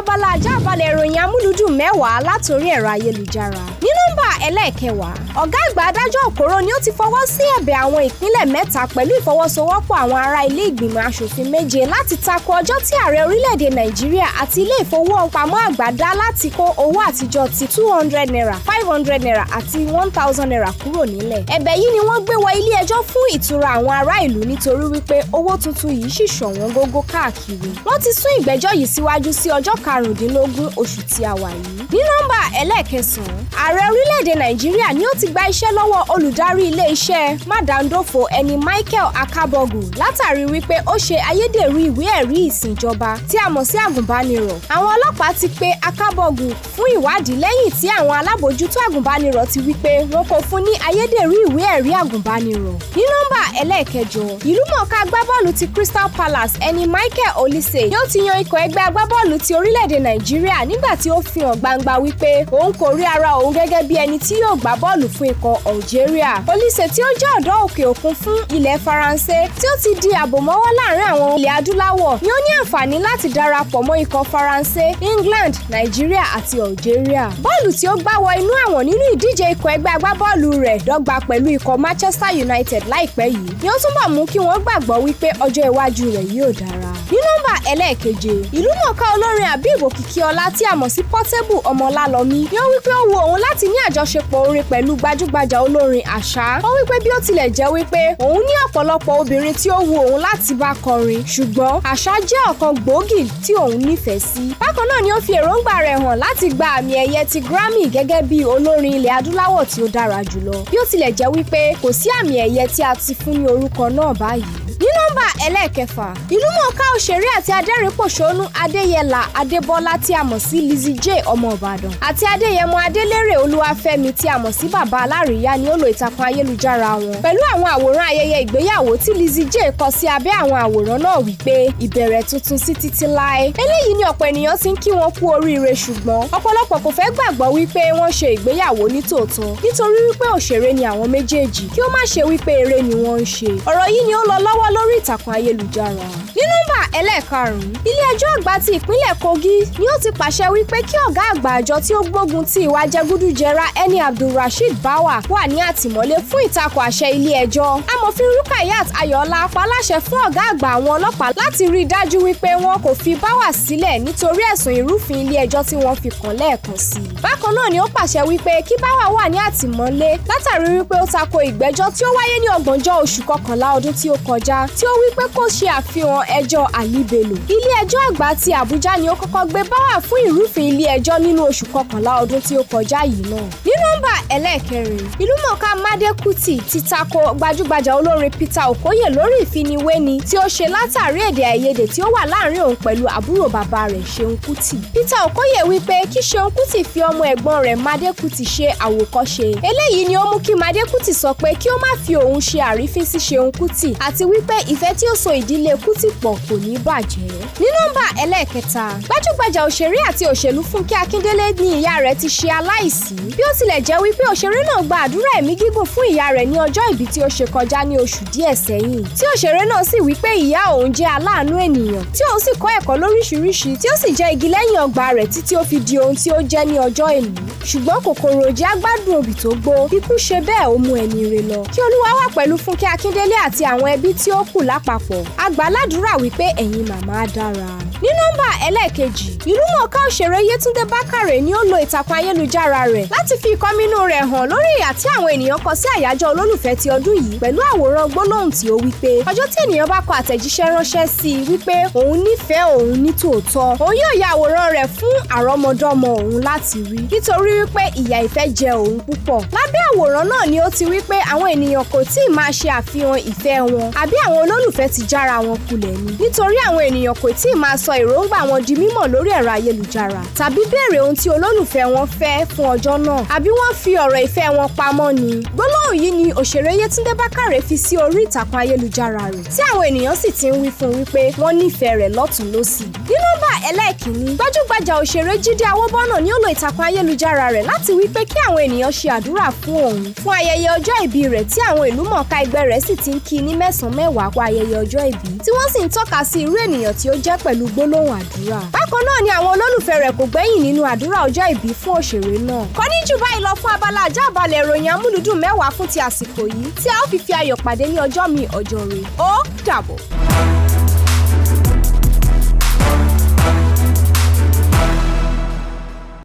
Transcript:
abala ajá balẹ̀ ìròyìn amúlùdùn mẹ́wàá látòrí ẹ̀rọ ayélujára ní nọ́mbà ẹlẹ́ẹ̀kẹwàá ọ̀gá àgbà adájọ́ òkòrò ni ó ti fọwọ́ sí ẹ̀bẹ̀ àwọn ìpínlẹ̀ mẹ́ta pẹ̀lú ìfọwọ́sowọ́pọ̀ àwọn ará ilé ìgbìmọ̀ asòfin méje láti tako ọjọ́ tí ààrẹ orílẹ̀-èdè nàìjíríà àti ilé ìfowópamọ́ àgbà dá láti kó owó àtijọ́ ti two hundred naira five hundred naira àti one thousand naira kúrò nílẹ̀ ẹ̀bẹ̀ yìí ni wọ́n gbé wọ ilé ẹjọ́ fún ìtura àwọn ará ìlú nítorí wípé owó tuntun yìí sì ṣọ̀wọ́n gógó káàkiri wọ́n ti sún ìgbẹ́jọ́ yìí síwájú sí ọjọ́ karùndínlógún oṣù tí a wà yìí ní nọ́mbà ẹlẹ́ẹ̀kẹsàn-án ààrẹ orílẹ̀ orílẹ̀-èdè nàìjíríà ni ó ti gba iṣẹ́ lọ́wọ́ olùdarí ilé-iṣẹ́ mádàndòfò ẹni michael akabogu látàrí wípé ó ṣe ayédèrú ìwé ẹ̀rí ìsìnjọba tí a mọ̀ sí àgùnbánirọ̀ àwọn ọlọ́pàá ti pe akabogu fún ìwádìí lẹ́yìn tí àwọn alábòjútó àgùnbánirọ̀ ti wípé wọn kò fún ní ayédèrú ìwé ẹ̀rí àgùnbánirọ̀ ní nọ́mbà ẹlẹ́ẹ̀kẹjọ ìlúmọ̀ọ́ká agbábọ́ọ̀lù ti crystal palace ẹni michael olise ni ó ti yan ikọ̀ ẹgbẹ́ agbábọ́ọ̀lù ti orílẹ̀-èdè nàìjíríà nígbà tí ó fi gbangba wípé òun ara òun gẹ́gẹ́ ọkùnrin tí yóò gbá bọ́ọ̀lù fún ikọ̀ Algeria. Olise tí ó jẹ́ ọ̀dọ́ òkè òkun fún ilẹ̀ Faransé tí ó ti di àbòmọ́wọ́ láàrin àwọn ilẹ̀ adúláwọ̀ ni ó ní àǹfààní láti darapọ̀ mọ́ ikọ̀ Faransé, England, Nigeria àti Algeria. Bọ́ọ̀lù tí ó gbá wọ inú àwọn nínú ìdíje ikọ̀ ẹgbẹ́ agbábọ́ọ̀lù rẹ̀ dọ́gba pẹ̀lú ikọ̀ Manchester United láìpẹ́ yìí ni ó túnbọ̀ mú kí wọ́n gbàgbọ́ wípé ọjọ́ iwájú rẹ̀ yóò dára. Ní nọ́mbà ẹlẹ́ẹ̀keje, ìlúmọ̀ọ́ká olórin Habib Òkìkíọlá tí a mọ̀ sí Portable Ọmọlálọ́mí ni ó wípé ó wu òun láti ní àj àjọṣepọ̀ orin pẹ̀lú gbajúgbajà olórin àṣá. ó wípé bí ó tilẹ̀ jẹ́ wípé òun ní ọ̀pọ̀lọpọ̀ obìnrin tí ó wu òun láti bá kọrin ṣùgbọ́n àṣá jẹ́ ọ̀kan gbòógì tí òun nífẹ̀ẹ́ sí. bákan náà ni ó fi èròǹgbà rẹ̀ hàn láti gba àmì ẹ̀yẹ ti Grammy gẹ́gẹ́ bí olórin ilẹ̀ adúláwọ̀ tí ó dára jùlọ. bí ó tilẹ̀ jẹ́ wípé kò sí àmì ẹ̀yẹ tí a ti fún ní orúkọ náà báyìí nọ́mbà ẹlẹ́ẹ̀kẹfà ìlúmọ̀ọ́ká òṣèré àti adẹ́rìnpòṣónú adéyẹlà adébọ́lá tí a mọ̀ sí Lizzie J ọmọ ìbàdàn àti adéyẹmọ adélèrè olúwafẹ́mi tí a mọ̀ sí bàbá alárìíyá ni ó lo ìtàkùn ayélujára wọn pẹ̀lú àwọn àwòrán ayẹyẹ ìgbéyàwó tí Lizzie J kọ sí abẹ́ àwọn àwòrán náà wípé ìbẹ̀rẹ̀ tuntun sí títí láé eléyìí ni ọ̀pọ̀ ènìyàn ti ń kí wọn kú oríire ṣùgbọ́n ọ̀pọ̀lọpọ̀ kò fẹ́ gbàgbọ́ wípé wọ́n ṣe ìgbéyàwó ní nítorí wípé òṣèré ni àwọn méjèèjì kí ó má ṣe wípé eré ni wọ́n ń ṣe ọ̀rọ̀ yìí ni ó lọ lọ́wọ́ lórí oríìtakùn ayélujára. ní ẹlẹ́ẹ̀karùn-ún ilé ẹjọ́ àgbà ti ìpínlẹ̀ Kogi ni ó ti pàṣẹ wípé kí ọ̀gá àgbà àjọ tí ó gbógun ti ìwà jẹgúdújẹra ẹni Abdulrasheed Báwà wà ní àtìmọ́lé fún ìtakò àṣẹ ilé ẹjọ́ amòfin Rukayat Ayọ̀ọ́lá paláṣẹ fún ọ̀gá àgbà àwọn ọlọ́pàá láti rí i dájú wípé wọn kò fi Báwà sílẹ̀ nítorí ẹ̀sùn ìrúfin ilé ẹjọ́ tí wọ́n fi kàn lẹ́ẹ̀kan sí i bákan náà ni ó pàṣẹ wípé kí Báwà wà ní àtìmọ́lé látàrí wípé ó tako ìgbẹ́jọ́ tí ó wáyé ní ọgbọ̀njọ́ oṣù kọkànlá ọdún tí ó kọjá tí ó wípé kó ṣe àfihàn ẹjọ́ àl Ali Bello. Ilé-ẹjọ́ àgbà ti Àbújá ni ó kọ́kọ́ gbé Báwà fún ìrúfin ilé-ẹjọ́ nínú oṣù kọkànlá ọdún tí ó kọjá yìí náà. Ní nọ́mbà ẹlẹ́ẹ̀kẹrin, ìlúmọ̀ọ́ká Made Kuti ti tako gbajúgbajà olórin Peter Okoye lórí ìfiniwéni tí ó ṣe látàrí èdè àìyedè tí ó wà láàrin òun pẹ̀lú àbúrò bàbá rẹ̀ Ṣeun Kuti. Peter Okoye wí pé kí Ṣeun Kuti fi ọmọ ẹ̀gbọ́n rẹ̀ Made Kuti ṣe àwòkọ́ṣe. Eléyìí ni ó mú kí Made Kuti sọ pé kí ó má fi òun ṣe àrífín sí Ṣeun Kuti àti wípé ìfẹ́ tí ó so ìdílé Kuti pọ̀ kò ní ní bàjẹ́. ní nọ́mbà ẹlẹ́ẹ̀kẹta gbajúgbajà òṣèré àti òṣèlú Fúnkẹ́ Akíndélé ni ìyá rẹ̀ ti ṣe aláìsí bí ó tilẹ̀ jẹ́ wípé òṣèré náà gba àdúrà ẹ̀mí gígùn fún ìyá rẹ̀ ní ọjọ́ ìbí tí ó ṣe kọjá ní oṣù díẹ̀ sẹ́yìn tí òṣèré náà sì wípé ìyá òun jẹ́ aláàánú ènìyàn tí òun sì kọ́ ẹ̀kọ́ lóríṣiríṣi tí ó sì jẹ́ igi lẹ́yìn ọgbà rẹ̀ títí ó fi di ohun tí ó jẹ́ ní ọjọ́ èní ṣùgbọ́n kòkòrò òjẹ́ agbádùn òbí tó gbó ikú ṣe bẹ́ẹ̀ ó mú ẹni rè lọ kí Olúwa wà pẹ̀lú Fúnkẹ́ Akíndélé àti àwọn ládùúrà wípé ẹ̀yin màmá dára ní nọ́mbà ẹlẹ́ẹ̀kejì ìlúmọ̀ọ́ká òṣèré Yétúndé bakare ni ó lo ìtàkùn ayélujára rẹ̀ láti fi ìkọminú rẹ̀ hàn lórí ìhà tí àwọn ènìyàn kọ sí àyájọ́ olólùfẹ́ ti ọdún yìí pẹ̀lú àwòrán gbólóhùn tí ó wípé ọjọ́ tí ènìyàn bá kọ àtẹ̀jíṣẹ́ ránṣẹ́ sí i wípé òun nífẹ̀ẹ́ òun ní tòótọ́ òun yóò ya àwòrán rẹ̀ fún àrọ́mọdọ́mọ òun láti rí nítorí wípé ìyà ìfẹ́ jẹ òun púpọ̀ lábẹ́ àwòrán náà ni ó ti wípé àwọn ènìyàn kò tí ì máa ṣe àfihàn ìfẹ́ wọn àbí àwọn olólùfẹ́ ti jára wọn kulẹ̀ ni nítorí àwọn ènìyàn kò tí ì máa sọ èròǹgbà wọn di mímọ̀ lórí ẹ̀rọ ayélujára tàbí béèrè ohun tí olólùfẹ́ wọn fẹ́ fún ọjọ́ náà àbí wọ́n fi ọ̀rọ̀ ìfẹ́ wọn pamọ́ ni. gbólóhùn yìí ni òṣèré Yétúndé Bákàrè fi sí orí ìtàkùn ayélujára rẹ̀ tí àwọn ènìyàn sì ti ń wí fún wípé wọ́n nífẹ̀ẹ́ rẹ̀ lọ́tùn-lósì. nínú b ẹlẹ́ẹ̀kínní gbajúgbajà òṣèré Jídé Awóbọ́nà ni ó lo ìtàkùn ayélujára rẹ̀ láti wí pé kí àwọn ènìyàn ṣe àdúrà fún òun fún ayẹyẹ ọjọ́ ìbí rẹ̀ tí àwọn ìlú mọ̀ọ́ká ẹgbẹ́ rẹ̀ sì ti ń kí i ní mẹ́sàn-án mẹ́wàá kó ayẹyẹ ọjọ́ ìbí tí wọ́n sì ń tọ́ka sí irú ènìyàn tí ó jẹ́ pẹ̀lú gbólóhùn àdúrà. bákan náà ni àwọn olólùfẹ́ rẹ̀ kò gbẹ́yìn nínú àdúrà ọjọ́ ìbí fún òṣèré náà. kò ní jù báyìí lọ fún abala àjábalẹ̀ ìròyìn mi ọjọ́ rẹ̀ ó